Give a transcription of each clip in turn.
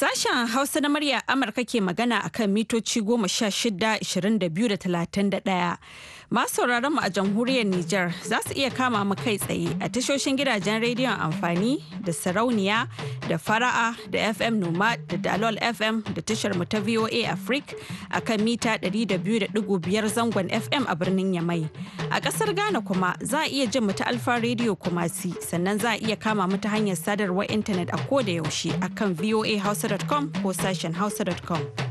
Sashen Hausa na murya Amurka ke magana akan mitoci goma sha shida, ishirin da biyu da talatin da ɗaya. Masu sauraron mu a jamhuriyar Nijar za su iya kama mu kai tsaye a tashoshin gidajen rediyon amfani da sarauniya da fara'a da FM Numa da Dalol FM da tashar mu ta VOA Africa a kan mita 200.5 zangon FM a birnin Yamai. A kasar Ghana kuma za a iya jin mu ta Alfa Radio Kumasi sannan za a iya kama mu ta hanyar sadarwar intanet a koda yaushe akan voahausa.com ko sashen hausa.com.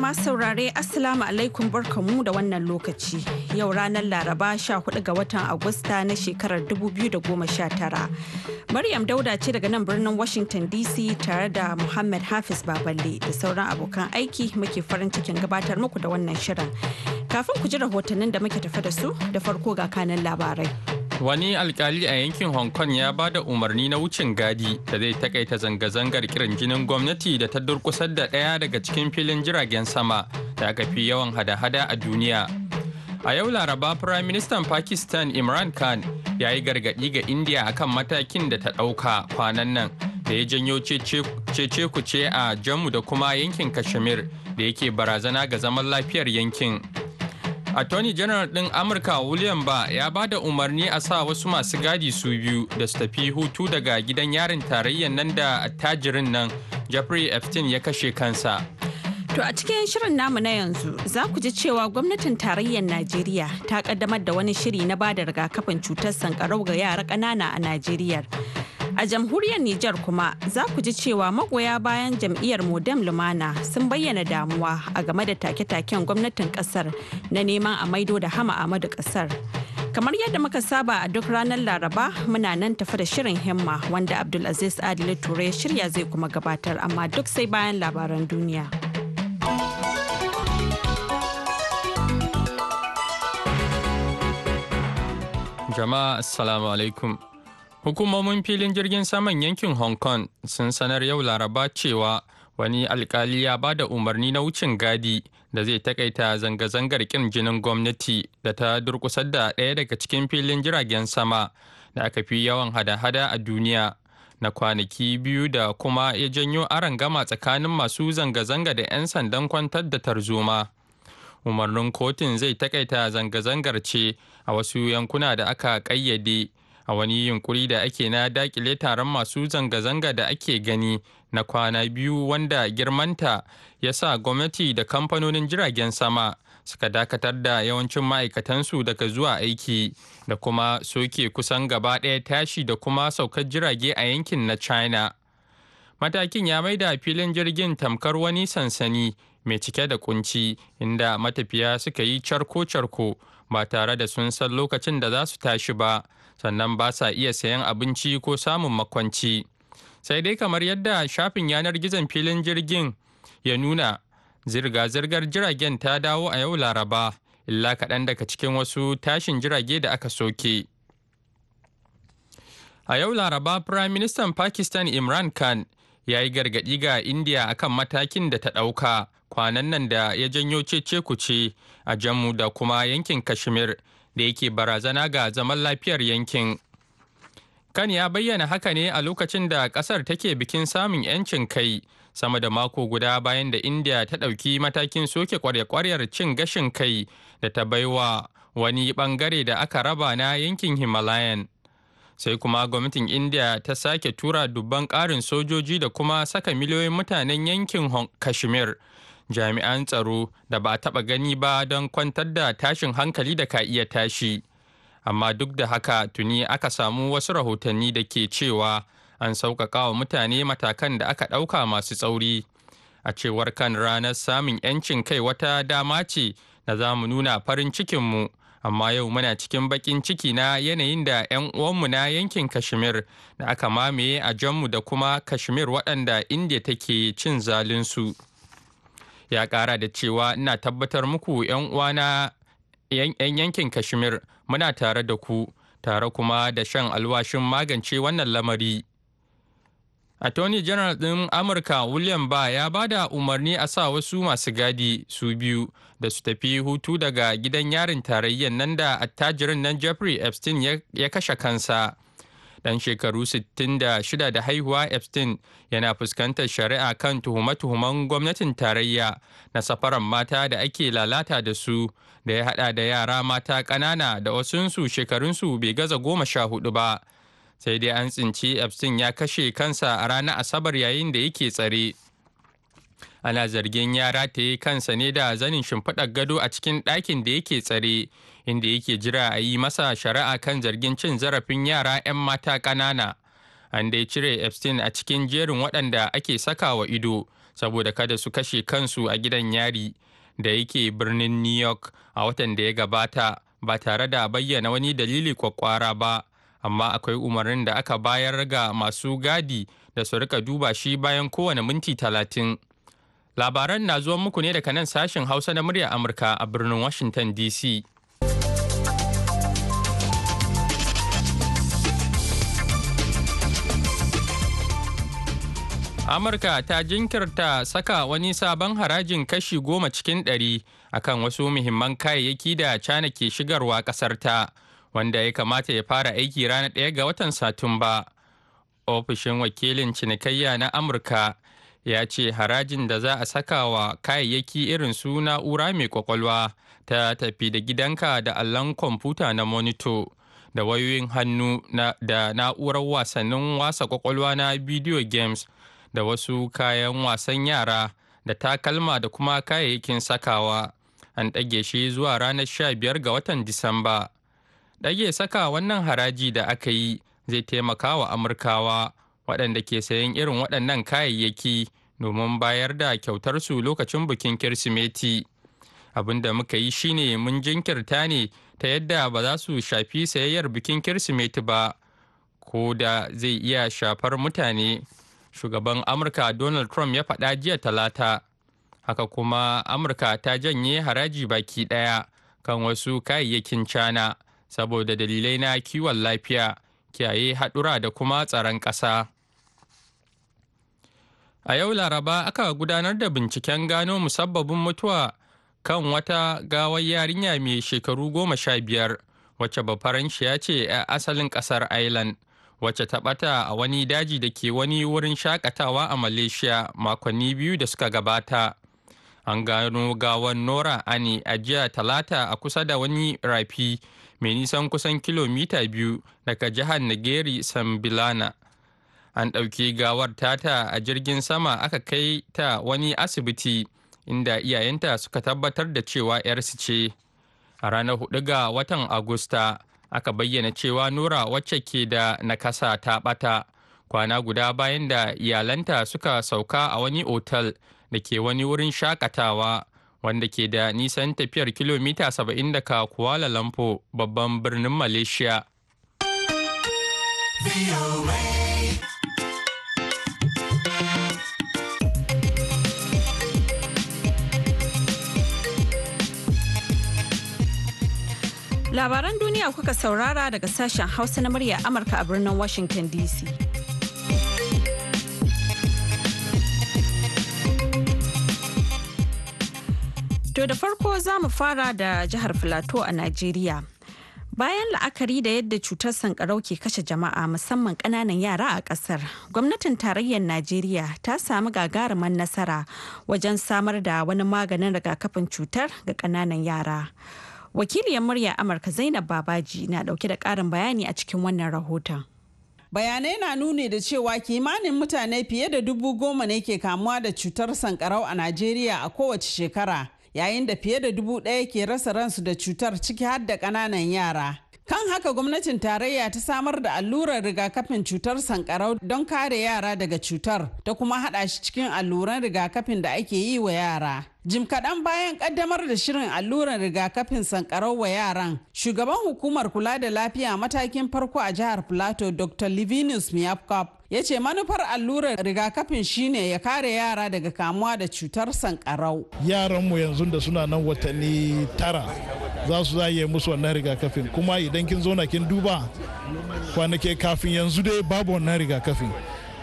masu saurare Assalamu alaikum barkamu da wannan lokaci. Yau ranar Laraba 14 ga watan Agusta na shekarar 2019. Maryam Dauda ce daga nan birnin Washington DC tare da Muhammad Hafiz Baballe da sauran abokan aiki muke farin cikin gabatar muku da wannan shirin. Kafin ku ji rahotannin da muke tafa da su da farko ga kanan labarai. Wani alkali a yankin Hong Kong ya ba da umarni na wucin gadi da zai takaita zanga-zangar kiran jinin gwamnati da ta durkusar da ɗaya daga cikin filin jiragen sama da aka fi yawan hada-hada a duniya. A yau Laraba prime minister Pakistan Imran Khan ya yi gargaɗi ga India akan matakin da ta ɗauka kwanan nan da ya janyo cece kuce a Jammu da kuma yankin Kashmir da yake barazana ga zaman lafiyar yankin. attorney general ɗin amurka william ba ya ba da umarni a sa wasu masu gadi su biyu da su tafi hutu daga gidan yarin tarayyan nan da attajirin nan jeffrey epstein ya kashe kansa To a cikin shirin namu na yanzu za ku ji cewa gwamnatin tarayyar Najeriya ta kaddamar da wani shiri na ba da rigakafin cutar sankarau ga yara ƙanana a Najeriya. A jamhuriyar Nijar kuma za ku ji cewa magoya bayan jam'iyyar Modem Lumana sun bayyana damuwa a game da take-taken gwamnatin kasar na neman a maido da hama Amadu kasar. Kamar yadda muka saba a duk ranar Laraba muna nan tafi da shirin himma wanda Abdulaziz Adil Ture shirya zai kuma gabatar amma duk sai bayan labaran duniya. Jama'a Assalamu alaikum. Hukumomin filin jirgin saman yankin Hong Kong sun sanar yau Laraba cewa wani alkali ya ba da umarni na wucin gadi da zai takaita zanga-zangar kin jinin gwamnati da ta durkusar da ɗaya daga cikin filin jiragen sama da aka fi yawan hada-hada a duniya na kwanaki biyu da kuma ya janyo gama tsakanin masu zanga-zanga da 'yan sandan kwantar da tarzoma. Umarnin kotun zai takaita zanga-zangar ce a wasu yankuna da aka ƙayyade. a wani yunkuri da ake na dakile taron masu zanga-zanga da ake gani na kwana biyu wanda girmanta ya sa gwamnati da kamfanonin jiragen sama suka dakatar da yawancin ma'aikatansu daga zuwa aiki da kuma soke kusan gaba ɗaya tashi da kuma saukar jirage a yankin na china matakin ya maida filin jirgin tamkar wani sansani mai cike da kunci inda matafiya suka yi carko-carko ba tare da sun san lokacin da za su tashi ba. sannan ba sa iya sayan abinci ko samun makwanci sai dai kamar yadda shafin yanar gizon filin jirgin ya nuna zirga-zirgar jiragen ta dawo a yau laraba illa kaɗan daga cikin wasu tashin jirage da aka soke a yau laraba prime minister pakistan imran khan ya yi gargaɗi ga india akan matakin da ta ɗauka kwanan nan da ya janyo cece kuce a jammu da kuma yankin kashmir da yake barazana ga zaman lafiyar yankin kan ya bayyana haka ne a lokacin da kasar take bikin samun 'yancin kai sama da mako guda bayan da india ta ɗauki matakin soke kwarya-kwaryar cin gashin kai da ta baiwa wani bangare da aka raba na yankin himalayan sai kuma gwamnatin india ta sake tura dubban ƙarin sojoji da kuma saka miliyoyin mutanen yankin kashmir jami'an tsaro da ba a taɓa gani ba don kwantar da tashin hankali da ka iya tashi amma duk da haka tuni aka samu wasu rahotanni da ke cewa an sauƙaƙa wa mutane matakan da aka ɗauka masu tsauri a cewar kan ranar samun 'yancin kai wata dama ce da za mu nuna farin cikinmu amma yau muna cikin baƙin ciki na yanayin da 'yan uwanmu na yankin kashmir da aka mamaye a janmu da kuma kashmir waɗanda indiya take cin zalinsu. su ya kara da cewa ina tabbatar muku 'yan uwana 'yan yankin kashmir muna tare da ku tare kuma da shan alwashin magance wannan lamari attorney general ɗin amurka william ba ya ba da umarni a sa wasu masu gadi su biyu da su tafi hutu daga gidan yarin tarayyan nan da attajirin nan jeffrey epstein ya kashe kansa dan shekaru 66 da haihuwa epstein yana fuskantar shari'a kan tuhume-tuhumen gwamnatin tarayya na safaran mata da ake lalata da su da ya hada da yara mata ƙanana da wasunsu shekarunsu bai gaza goma sha hudu ba sai dai an tsinci epstein ya kashe kansa a ranar asabar yayin da yake tsare ana zargin yara ta yi kansa ne da zanin shimfiɗar gado a cikin ɗakin da yake tsare inda yake jira a yi masa shari'a kan zargin cin zarafin yara 'yan mata ƙanana an dai cire epstein a cikin jerin waɗanda ake saka wa ido saboda kada su kashe kansu a gidan yari da yake birnin new york a watan da ya gabata ba tare da bayyana wani dalili kwakwara ba amma akwai umarnin da aka bayar ga masu gadi da su rika duba shi bayan kowane minti talatin labaran na zuwan muku ne daga nan sashen hausa na murya amurka a birnin washington dc Amurka ta jinkirta saka wani sabon harajin kashi goma cikin ɗari akan wasu muhimman kayayyaki da China ke shigarwa ƙasar ta, wanda ya kamata ya fara aiki ranar ɗaya ga watan Satumba. Ofishin wakilin cinikayya na Amurka ya ce harajin da za a saka wa kayayyaki irin su na'ura mai kwakwalwa ta tafi da gidanka da allon kwamfuta na monito da wayoyin hannu da na'urar wasannin wasa kwakwalwa na video games da wasu kayan wasan yara da takalma da kuma kayayyakin sakawa an ɗage shi zuwa ranar 15 ga watan disamba ɗage saka wannan haraji da aka yi zai taimaka wa amurkawa waɗanda ke sayan irin waɗannan kayayyaki domin bayar da kyautarsu lokacin bikin kirsimeti abin da muka yi shine mun jinkirta ne ta yadda ba za su shafi sayayyar bikin kirsimeti ba ko da zai iya shafar mutane shugaban amurka donald trump ya faɗa jiya talata haka kuma amurka ta janye haraji baki ɗaya kan wasu kayayyakin cana saboda dalilai na kiwon lafiya kiyaye haɗura da kuma tsaron ƙasa a yau laraba aka gudanar da binciken gano musabbabin mutuwa kan wata gawar yarinya mai shekaru goma sha biyar wacce bafaranshiya ce a asalin kasar Ireland wacce ta bata a wani daji da ke wani wurin shakatawa a Malaysia makonni biyu da suka gabata. An gano gawar Nora Ani a jiya talata a kusa da wani rafi mai nisan kusan kilomita biyu daga jihar Nageri Sambilana. An ɗauki gawar tata a jirgin sama aka kai ta wani asibiti. inda iyayenta suka tabbatar da cewa 'yarsu ce a ranar 4 ga watan agusta aka bayyana cewa nura wacce ke da nakasa ta bata kwana guda bayan da iyalanta suka sauka a wani otal da ke wani wurin shakatawa wanda ke da nisan tafiyar kilomita 70 daga Kuala Lumpur babban birnin Malaysia. Labaran duniya kuka saurara daga sashen Hausa na murya Amurka a birnin Washington DC. To da farko za mu fara da jihar Filato a Najeriya. Bayan la'akari da yadda cutar sankarau ke kashe jama'a musamman ƙananan yara a ƙasar, gwamnatin tarayyar Najeriya ta samu gagaruman nasara wajen samar da wani maganin rigakafin cutar ga ƙananan yara. wakiliyar murya amurka zainab babaji na dauke da karin bayani a cikin wannan rahoton bayanai na nuni da cewa kimanin mutane fiye da dubu goma ne ke kamuwa da cutar sankarau a najeriya a kowace shekara yayin da fiye da dubu ɗaya ke rasa ransu da cutar ciki har da ƙananan yara kan haka gwamnatin tarayya ta samar da allurar rigakafin cutar sankarau don kare yara daga cutar ta kuma haɗa shi cikin alluran rigakafin da ake yi wa yara Jim kaɗan bayan ƙaddamar da shirin alluran rigakafin sankarau wa yaran, shugaban hukumar kula da lafiya matakin farko a jihar Plateau Dr. Livinus Miyapkop ya ce manufar allurar rigakafin shine ya kare yara daga kamuwa da cutar sankarau. Yaranmu yanzu da suna nan watanni tara za su za musu wannan rigakafin kuma idan kin zo na kin duba kwanake kafin yanzu dai babu wannan rigakafin.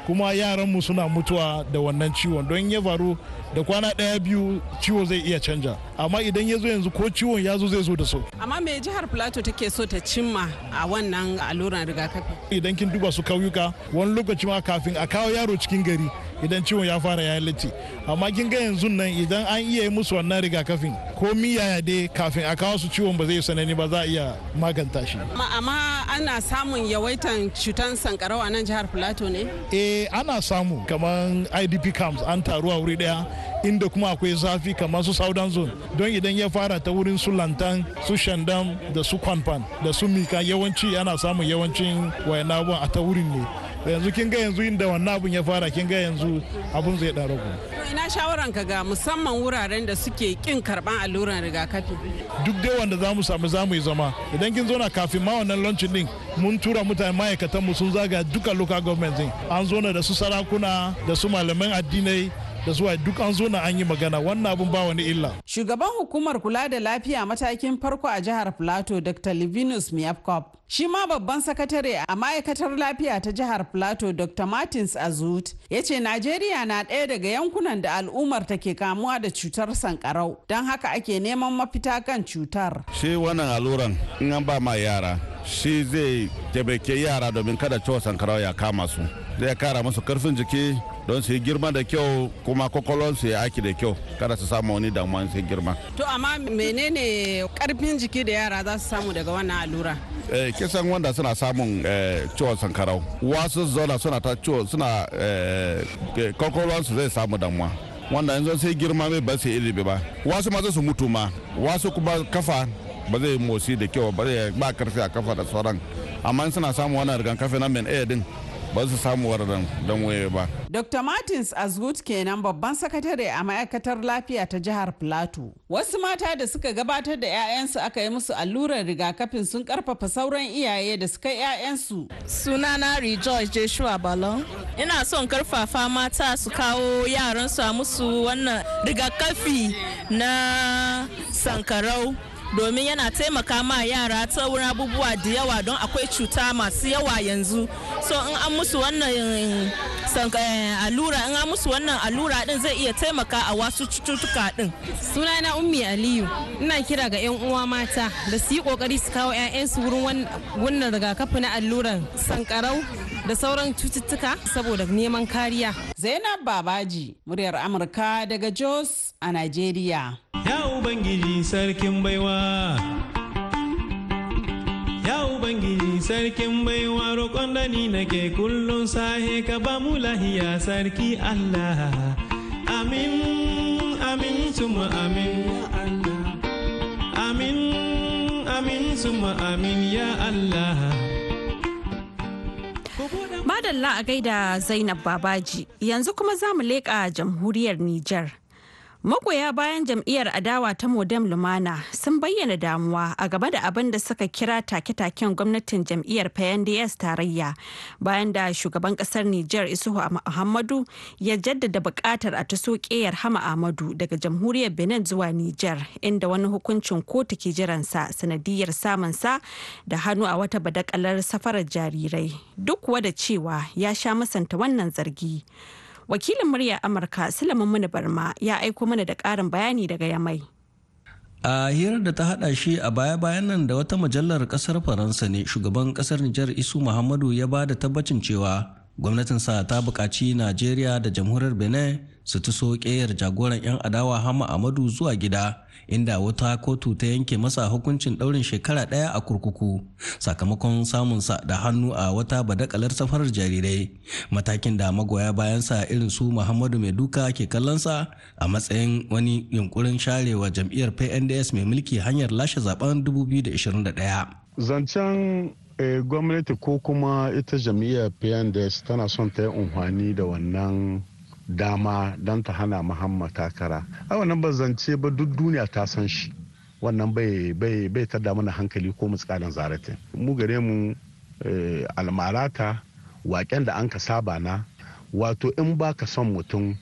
kuma yaran mu suna mutuwa da wannan ciwon don ya faru da kwana ɗaya biyu ciwo zai iya canja amma idan ya zo yanzu ko ciwon ya zo zai zo da so amma me jihar plateau take so ta cimma a wannan alluran rigakafi idan kin duba su kauyuka wani lokaci ma kafin a kawo yaro cikin gari idan ciwon ya fara ya latti amma kin ga yanzu nan idan an iya yi musu wannan rigakafin ko yaya dai kafin a kawo su ciwon ba zai sanani ba za a iya maganta shi amma ana samun yawaitan cutan sankarau a nan jihar plateau ne eh ana samu kamar idp camps an taru a wuri daya inda kuma akwai zafi kamar su southern zone don idan ya fara ta wurin su lantan su shandam da su kwanfan da su mika yawanci ana samun yawancin wayan a ta wurin ne yanzu kin ga yanzu inda wannan abun ya fara kin ga yanzu abun zai ɗan ragu. ina shawaran ka ga musamman wuraren da suke kin karban alluran rigakafi. duk dai wanda zamu mu samu za yi zama idan kin zauna kafin ma wannan launching din mun tura mutane ma'aikatan mu sun zaga duka local government din an zo da su sarakuna da su malaman addinai da zuwa duk an zo na an yi magana wannan abun ba wani illa. Shugaban hukumar kula da lafiya matakin farko a jihar Plateau Dr. Livinus Miyapkop. Shi ma babban sakatare a ma'aikatar lafiya ta jihar Plateau Dr. Martins Azut ya ce Najeriya na ɗaya daga yankunan da al'ummar ta ke kamuwa da cutar sankarau don haka ake neman mafita kan cutar. Shi wannan alluran in an ba ma yara shi zai taimake yara domin kada ciwon sankarau ya kama su. Zai kara musu karfin jiki don su yi girma da kyau kuma kwakwalon su yi aiki da kyau kada su samu wani damuwa sai girma to amma menene karfin jiki da yara za su samu daga wannan allura eh, kisan wanda suna samun eh, ciwon sankarau wasu zauna suna ta ciwo suna eh, eh kwakwalon su zai samu damuwa wanda yanzu sai girma mai ba su ilimi ba wasu ma su mutu ma wasu kuma kafa ba zai motsi da kyau ba zai ba karfi a kafa da sauran amma suna samun wannan rigan kafe na men din ba su samu wardan don waye ba. Dr. Martins Azgut kenan babban sakatare a ma'aikatar lafiya ta jihar Plateau. Wasu mata da suka gabatar da 'ya'yansu aka yi musu allurar rigakafin sun karfafa sauran iyaye da suka 'ya'yansu. Suna Sunana Rejoice Joshua Balon. Ina son karfafa mata su kawo yaransu a musu wannan rigakafi na sankarau. domin yana taimaka ma yara ta wurin abubuwa da yawa don akwai cuta masu yawa yanzu so in an musu wannan eh, eh, allura in an musu wannan allura din zai iya taimaka a wasu cututtuka din na ummi aliyu ina kira ga yan uwa mata da su yi kokari su kawo 'ya'yansu wurin wannan rigakafi na alluran sankarau da sauran cututtuka saboda neman kariya. Zainab Babaji, muryar Amurka daga Jos a Najeriya. Ya Ubangiji sarkin baiwa. Ya Ubangiji sarkin baiwa roƙon da ni nake kullum sahe ka ba mu lahiya sarki Allah. Amin, amin, tuma amin, ya Allah. Amin, amin, tuma amin, ya Allah. Madalla a gaida Zainab Babaji yanzu kuma za mu leƙa jamhuriyar Nijar. Magoya bayan jam'iyyar adawa ta Modem Lumana sun bayyana damuwa a gaba da abin da suka kira take-taken gwamnatin jam'iyyar PNDS tarayya bayan da shugaban kasar Nijar Isuhu Muhammadu ya jaddada bukatar a taso ƙeyar Hama Ahmadu daga jamhuriyar Benin zuwa Nijar inda wani hukuncin kotu ke jiransa sanadiyar samunsa da hannu a wata badakalar safarar jarirai duk wada cewa ya sha masanta wannan zargi. wakilin murya amurka sulaiman mani barma ya aiko mana da karin bayani daga yamai a hirar da ta hada shi a baya-bayan nan da wata mujallar kasar faransa ne shugaban kasar nijar isu muhammadu ya ba da tabbacin cewa gwamnatinsa ta bukaci najeriya da jamhuriyar benin su tuso ƙeyar jagoran 'yan adawa hama amadu zuwa gida inda wata kotu ta yanke masa hukuncin ɗaurin shekara ɗaya a kurkuku sakamakon samunsa da hannu a wata badakalar safarar jarirai matakin da magoya bayansa irin su muhammadu mai duka ke kallonsa a matsayin wani yunkurin sharewa jam'iyyar pnds mai mulki hanyar lashe zaben 2021 zancen eh, gwamnati ko kuma ita jam'iyyar pnds tana son ta yi amfani da wannan dama don ta hana muhammad takara a wannan ba zance ba duk duniya ta san shi wannan bai ta mana hankali ko mutskalin zaratin mu gare mu eh, almarata waken da an ka saba na wato in ba ka son mutum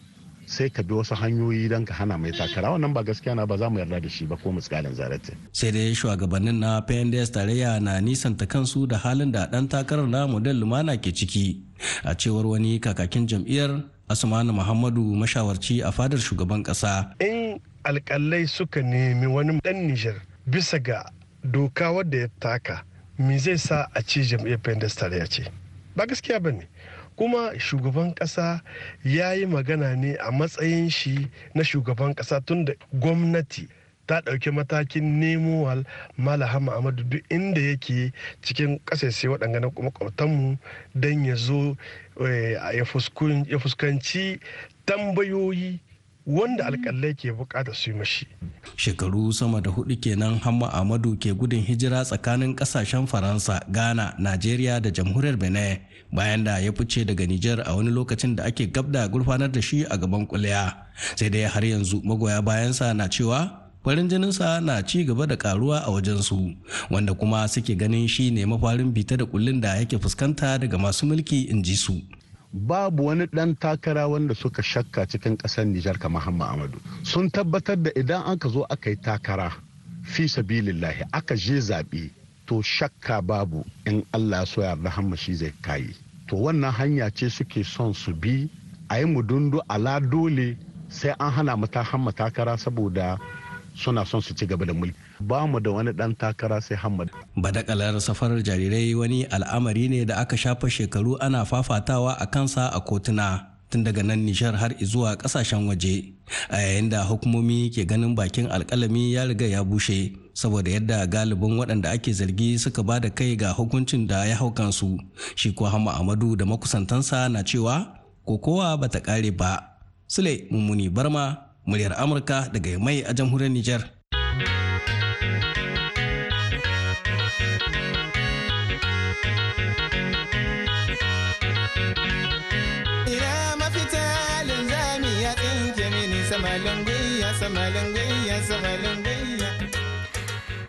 sai ka bi wasu hanyoyi don ka hana mai takara wannan ba gaskiya na ba za mu yarda da shi ba ko miskalin zarate sai dai shugabannin na pnds tarayya na nisanta kansu da halin da dan takarar na model lumana ke ciki a cewar wani kakakin jam'iyyar asmanu muhammadu mashawarci a fadar shugaban kasa in alkalai suka nemi wani dan nijar bisa ga doka wadda ya taka me zai sa a ci jam'iyyar pendestal ya ce ba gaskiya ba ne kuma shugaban kasa ya yi magana ne a matsayin shi na shugaban kasa tun da gwamnati ta ɗauki matakin nemo malahama amadu duk inda yake cikin ƙasashe waɗanda na makwabtanmu don ya zo Eh, ya fuskanci tambayoyi wanda mm. alƙalai ke bukata su yi mashi. Shekaru sama da hudu kenan Hamma Amadu ke gudun hijira tsakanin kasashen Faransa, Ghana, Najeriya da jamhuriyar Benin bayan da ya fice daga Nijar a wani lokacin da ake gabda gurfanar da shi a gaban kuliya. Sai dai har yanzu magoya bayansa na cewa farin jininsa na ci gaba da karuwa a wajensu wanda kuma suke ganin shi ne mafarin bita da kullun da yake fuskanta daga masu mulki in ji su babu wani dan takara wanda suka shakka cikin ƙasar Nijar kamar Hamma Amadu sun tabbatar da idan aka zo aka yi takara fi sabilillahi aka je zaɓe to shakka babu in Allah so yarda Hamma shi zai kayi to wannan hanya ce suke son su bi a yi mudundu ala dole sai an hana mata Hamma takara saboda suna son su ci gaba da mulki ba mu da wani dan takara sai hamad badakalar safarar jarirai wani al'amari ne da aka shafa shekaru ana fafatawa a kansa a kotuna tun daga nan nishar har zuwa kasashen waje a yayin da hukumomi ke ganin bakin alkalami ya riga ya bushe saboda yadda galibin waɗanda ake zargi suka ba da kai ga hukuncin da ya hau kansu shi ko hama amadu da makusantansa na cewa ko kokowa bata kare ba sule mummuni barma muryar amurka daga mai a jamhuriyar niger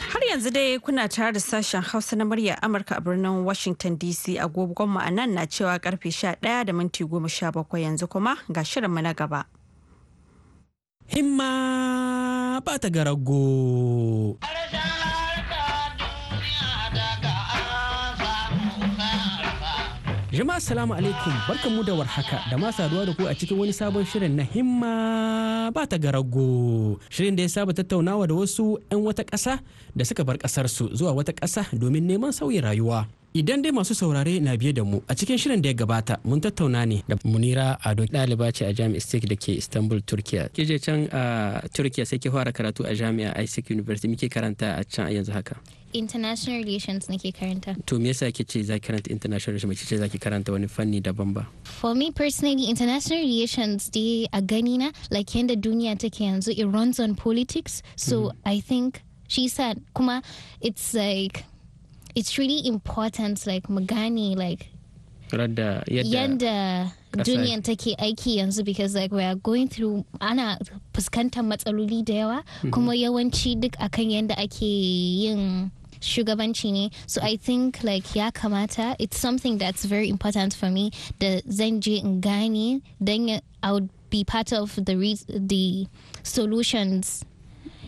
Har yanzu dai kuna tare da sashen Hausa na murya Amurka a birnin Washington DC agogon mu a nan na cewa karfe 11 da minti 17 yanzu kuma ga shirinmu na gaba. himma ba ta garago. Jama'a salamu alaikum barkanmu da warhaka da ma saduwa da ku a cikin wani sabon shirin na himma ba ta garago shirin da ya saba tattaunawa da wasu 'yan wata ƙasa da suka bar ƙasarsu zuwa wata ƙasa domin neman sauyin rayuwa. Idan dai masu saurare na biye da mu a cikin shirin da ya gabata mun tattauna ne da Munira Ado ɗaliba ce a Jami'a Stik da ke Istanbul Turkiya. ki je can a Turkiya sai ke fara karatu a Jami'a Isaac University muke karanta a can a yanzu haka. International Relations nake karanta. To me yasa ce za ki karanta International Relations ce za ki karanta wani fanni daban ba? For me personally International Relations dai a gani na like yanda duniya take yanzu it runs on politics so mm -hmm. I think she said kuma it's like it's really important like magani like yadda yadda duniyan take aiki yanzu because like we are going through ana fuskantar matsaloli da yawa mhm. kuma yawanci duk akan yadda ake yin shugabanci ne so i think like ya kamata it's something that's very important for me The zan je in gani then i would be part of the the solutions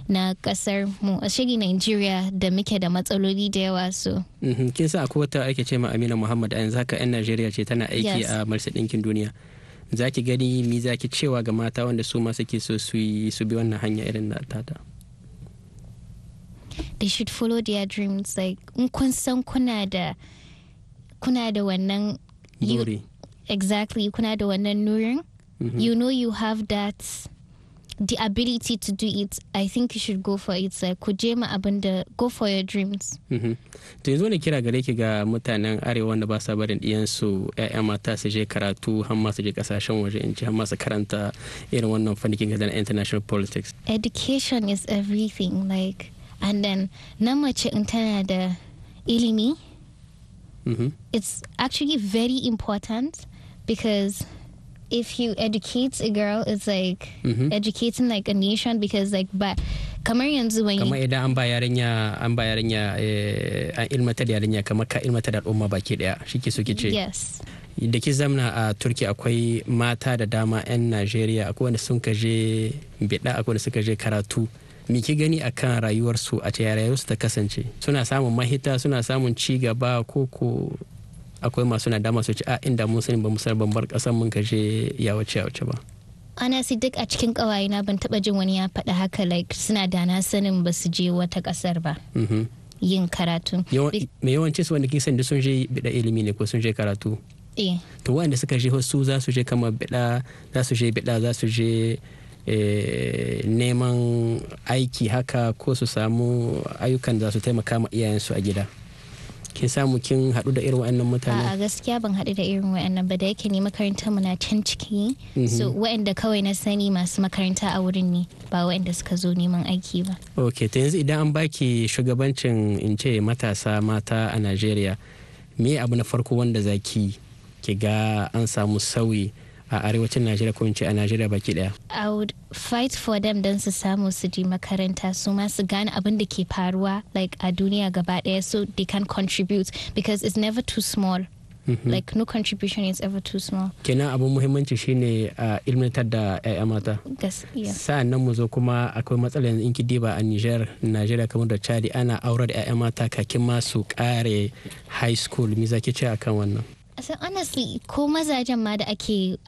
na kasar mu a shiri Nigeria da muke da matsaloli da yawa so. Mhm, kin sa akwai wata ake ce ma Amina Muhammad a yanzu haka 'yan Najeriya ce tana aiki a marisa Ɗinkin Duniya. Za ki gani mi za ki cewa ga mata wanda su ma suke so su yi su bi wannan hanya irin na tata. They should follow their dreams like in kun san kuna da kuna da wannan Exactly, kuna da wannan nurin. Mhm. You know you have that the ability to do it i think you should go for it like ku je ma abin da go for your dreams mm-hmm. to yanzu wani kira gare ki ga mutanen arewa wanda ba sa barin su ƴaƴa mata su je karatu har ma su je kasashen waje in ji har ma su karanta irin wannan fannikin gadan international politics education is everything like and then na mace in tana da ilimi mm-hmm. it's actually very important because if you educate a girl it's like mm-hmm. educating like a nation because like but kamar yanzu kama kamar idan an ba yarinya an ba yarinya eh, an ilmata da yarinya kama ka ilmata da al'umma baki daya shike suke ce yes da ki zamna a turki akwai mata da dama 'yan najeriya akwai wanda sun kaje bida akwai wanda suka je karatu me ki gani akan rayuwarsu a ta su ta kasance suna samun mahita suna samun ci gaba ko ko akwai masu nadama su ci a inda mun sani ba musar bambar kasan mun kashe ya wuce ba ana si duk a cikin kawayena ban taba jin wani ya faɗa haka like suna da na sanin ba su je wata kasar ba mm-hmm. yin karatu mai yawanci su wanda kin sani sun je bida ilimi ne ko sun je karatu eh. to wanda suka je wasu za su je kama bida za su je bida za su je eh, neman aiki haka ko su samu ayyukan da su taimaka ma iyayensu a gida kin samu kin haɗu da irin wa'annan mutane a gaskiya ban haɗu da irin wa'annan ba da yake ne makarantar mu na can ciki mhm. so wa'anda kawai na sani masu makaranta a wurin ne ba wa'anda suka zo neman aiki ba ok ta yanzu idan an baki shugabancin in ce matasa mata a Najeriya me abu na farko wanda zaki ki ga an samu sauyi a arewacin najeriya ko in a najeriya baki daya i would fight for them don su samu su je makaranta su ma su gane abin da ke faruwa like a duniya gaba daya so they can contribute because it's never too small mm-hmm. like no contribution is ever too small kenan abun muhimmanci shine a ilmantar da 'ya'ya mata sa'an nan mu zo kuma akwai matsalar in ki diba a niger nigeria kamar da chadi ana aurar da 'ya'ya mata kakin ma su kare high school me zaki ce akan wannan so honestly ko mazajen ma da ake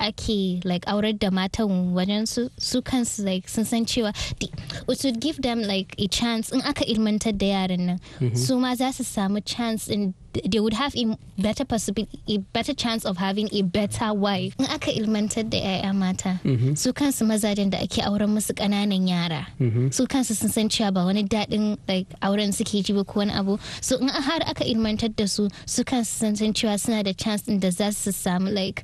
ake like aurar da matan wajen su su kansu like sun san cewa it would give them like a chance in aka ilmantar da yaran nan mm-hmm. su ma za su samu chance in they would have a better possibility a better chance of having a better wife in aka ilmantar da 'ya'ya mata mm-hmm. su kansu mazajen da ake auren musu kananan yara mm-hmm. su kansu sun san cewa ba wani daɗin auren suke ji ba ko wani abu so in har aka ilmantar da su su kansu sun san cewa suna da chance da za su samu like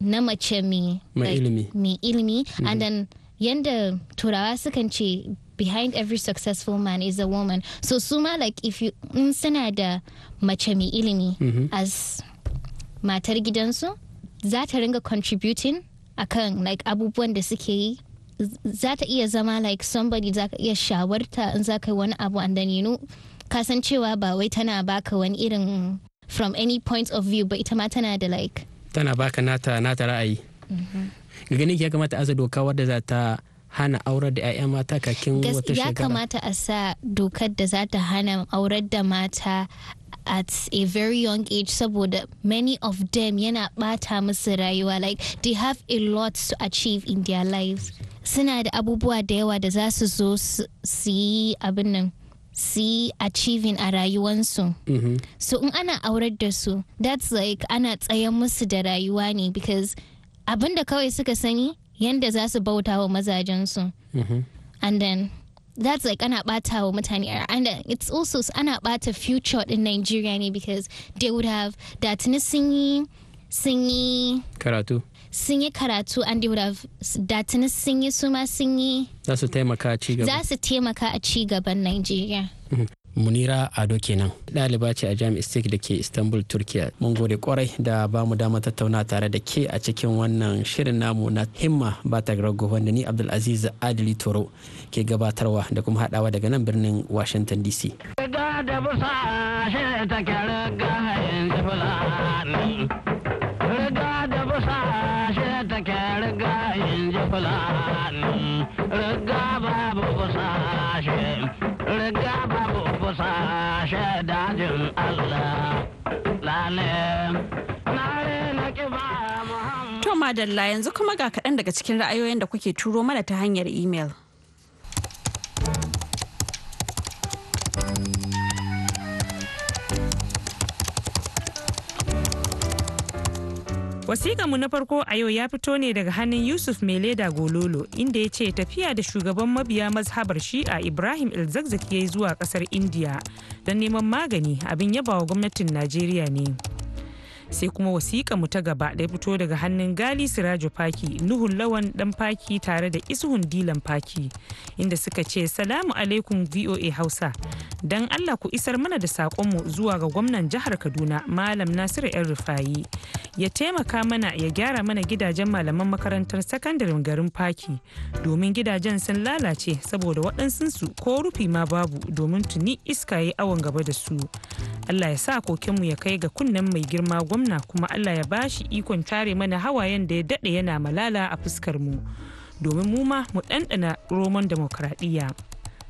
na mace mai ilimi mm-hmm. and then yanda turawa sukan ce behind every successful man is a woman so suma like if you in suna da mace mai ilimi mm-hmm. as matar gidansu za ta ringa contributing akan like abubuwan da suke yi za ta iya zama like somebody za ka iya shawarta in za ka yi wani abu and then you know kasancewa ba wai tana baka wani irin from any point of view ba ita ma tana da like tana baka nata nata ra'ayi ga mm-hmm. ganin ya kamata aza doka wadda za ta hana aurar da 'ya'ya mata kakin wata shekara ya kamata a sa dokar da za ta hana aurar da mata at a very young age saboda many of them yana bata musu rayuwa like they have a lot to achieve in their lives suna da abubuwa da yawa da za su zo su yi abin nan su achieving a rayuwansu mm-hmm. so in ana aurar da su that's like ana tsayan musu da rayuwa ne because abin kawai suka sani yanda za su bauta wa mazajensu mm-hmm. and then that's like ana ɓata wa mutane and uh, it's also ana ɓata future in Nigeria ne because they would have da tuni sun yi sun yi karatu sun yi karatu and they would have da tuni sun yi su ma sun yi za su taimaka a ci gaba za su taimaka a ci gaban Nigeria mm-hmm. munira ado kenan ɗaliba ce a jami'ar stik da ke istanbul turkiya mun gode kwarai da ba mu dama tattauna tare da ke a cikin wannan shirin namu na himma ba ta rago wanda ni abdulaziz adili toro ke gabatarwa da kuma hadawa daga nan birnin washington dc Riga da busa shi take riga yin jifula. madalla yanzu kuma ga kaɗan daga cikin ra'ayoyin da kuke turo mana ta hanyar imel. mu na farko a yau ya fito ne daga hannun Yusuf mai leda Gololo inda ya ce tafiya da shugaban mabiya mazhabar shi'a Ibrahim Ilzakzak ya yi zuwa kasar India don neman magani abin yabawa gwamnatin Najeriya ne. sai kuma wasiƙa mu ta gaba da fito daga hannun gali sirajo paki nuhun lawan dan paki tare da isuhun dilan paki inda suka ce salamu alaikum voa hausa dan allah ku isar mana da saƙonmu zuwa ga gwamnan jihar kaduna malam nasiru yan rufayi ya taimaka mana ya gyara mana gidajen malaman makarantar sakandaren garin paki domin gidajen sun lalace saboda waɗansunsu ko rufi ma babu domin tuni iska ya awon gaba da su Allah ya sa kokenmu ya kai ga kunnen mai girma gwamna kuma Allah ya bashi ikon tare mana hawayen da ya daɗe yana malala a fuskar mu domin mu ma mu ɗanɗana roman demokradiyya.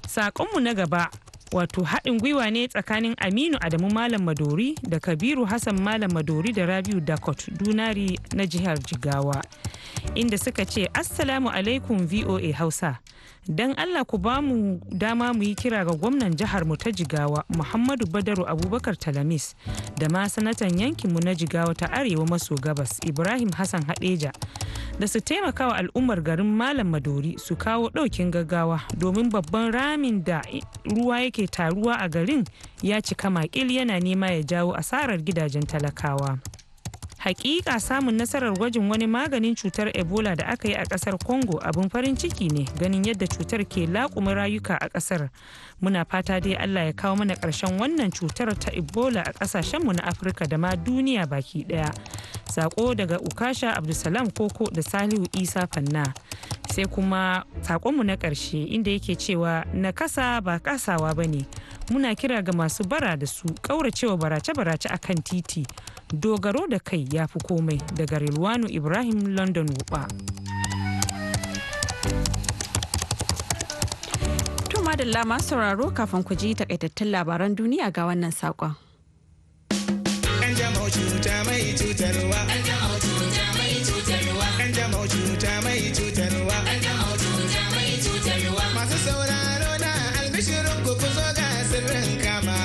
Saƙonmu na gaba wato haɗin gwiwa ne tsakanin Aminu Adamu Malam Madori da Kabiru Hassan Malam Madori da Rabiu Dakot Dunari na jihar Jigawa inda suka ce Assalamu alaikum VOA Hausa. don allah ku ba mu dama mu yi kira ga gwamnan jihar mu ta jigawa muhammadu badaru abubakar talamis da ma sanatan yankinmu na jigawa ta arewa maso gabas ibrahim hassan hadeja da su taimaka wa al'ummar garin malam madori su kawo ɗaukin gaggawa domin babban ramin da ruwa yake taruwa a garin ya cika makil yana nema ya jawo asarar gidajen talakawa. hakika samun nasarar gwajin wani maganin cutar ebola da aka yi a kasar congo abin farin ciki ne ganin yadda cutar ke laƙumin rayuka a kasar muna fata dai allah ya kawo mana ƙarshen wannan cutar ta ebola a mu na afirka da ma duniya baki ɗaya sako daga ukasha abdulsalam koko da salihu isa fanna sai kuma sakonmu na ƙarshe inda yake cewa na kasa ba kasawa ba ne muna kira ga masu bara da su kauracewa barace-barace a kan titi dogaro da kai ya fi komai daga rilwano ibrahim london wuba to madalla masu sauraro kafin ku ji takaitattun labaran duniya ga wannan saƙon. en cama.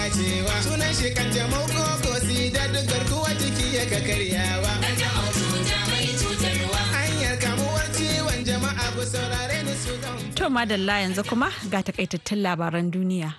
dacewa sunan shi kan jamau ko si da dukkan kuwa jiki ya ka karyawa hanyar kamuwar ciwon jama'a ku saurare ni su to madalla yanzu kuma ga takaitattun labaran duniya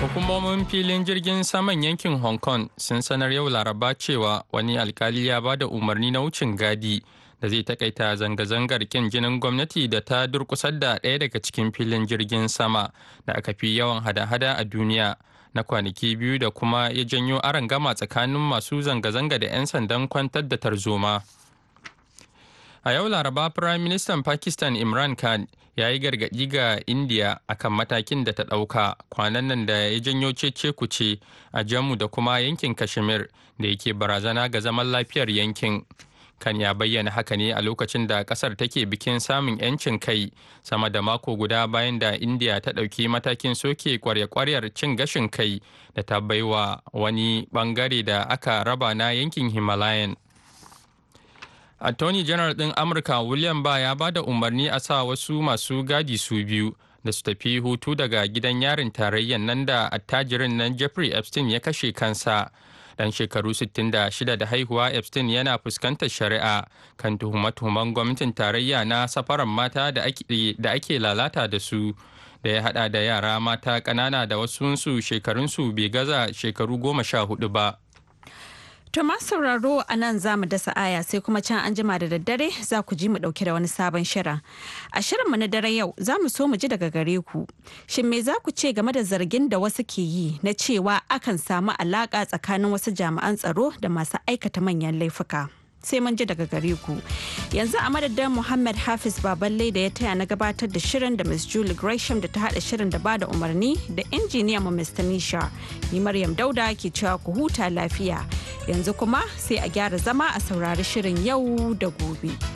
hukumomin filin jirgin saman yankin hong kong sun sanar yau laraba cewa wani alkali ya ba da umarni na wucin gadi da zai takaita zanga-zangar kin jinin gwamnati da ta durkusar da ɗaya daga cikin filin jirgin sama da aka fi yawan hada-hada a duniya na kwanaki biyu da kuma ya janyo gama tsakanin masu zanga-zanga da 'yan sandan kwantar da tarzoma. A yau Laraba Firayim Ministan Pakistan Imran Khan ya yi gargaɗi ga India akan matakin da ta ɗauka kwanan nan da ya janyo cece kuce a Jammu da kuma yankin Kashmir da yake barazana ga zaman lafiyar yankin. kan ya bayyana haka ne a lokacin da kasar take bikin samun 'yancin kai sama da mako guda bayan da indiya ta ɗauki matakin soke kwarya-kwaryar cin gashin kai da ta baiwa wani bangare da aka raba na yankin himalayan attorney general ɗin amurka william ba ya ba da umarni a sa wasu masu gadi su biyu da su tafi hutu daga gidan yarin tarayyan nan da attajirin nan jeffrey epstein ya kashe kansa dan shekaru 66 da haihuwa epstein yana fuskantar shari'a kan tuhume-tuhumen gwamnatin tarayya na safaran mata da ake lalata da su da ya hada da yara mata kanana da wasunsu shekarunsu bai gaza shekaru goma sha hudu ba To ma sauraro a nan za mu dasa aya sai kuma can an jima da daddare za ku ji mu dauke da wani sabon shirin. A shirinmu na dare yau za mu so mu ji daga gare ku. Shin me za ku ce game da zargin da wasu ke yi na cewa akan samu alaka tsakanin wasu jami'an tsaro da masu aikata manyan laifuka? sai mun ji daga gare ku yanzu a madadin muhammad hafiz baballe da ya taya na gabatar da shirin da miss julie gresham da ta haɗa shirin da ba da umarni da injiniyan mu mr nisha ni maryam dauda ke cewa ku huta lafiya Yanzu kuma sai a gyara zama a saurari shirin yau da gobe.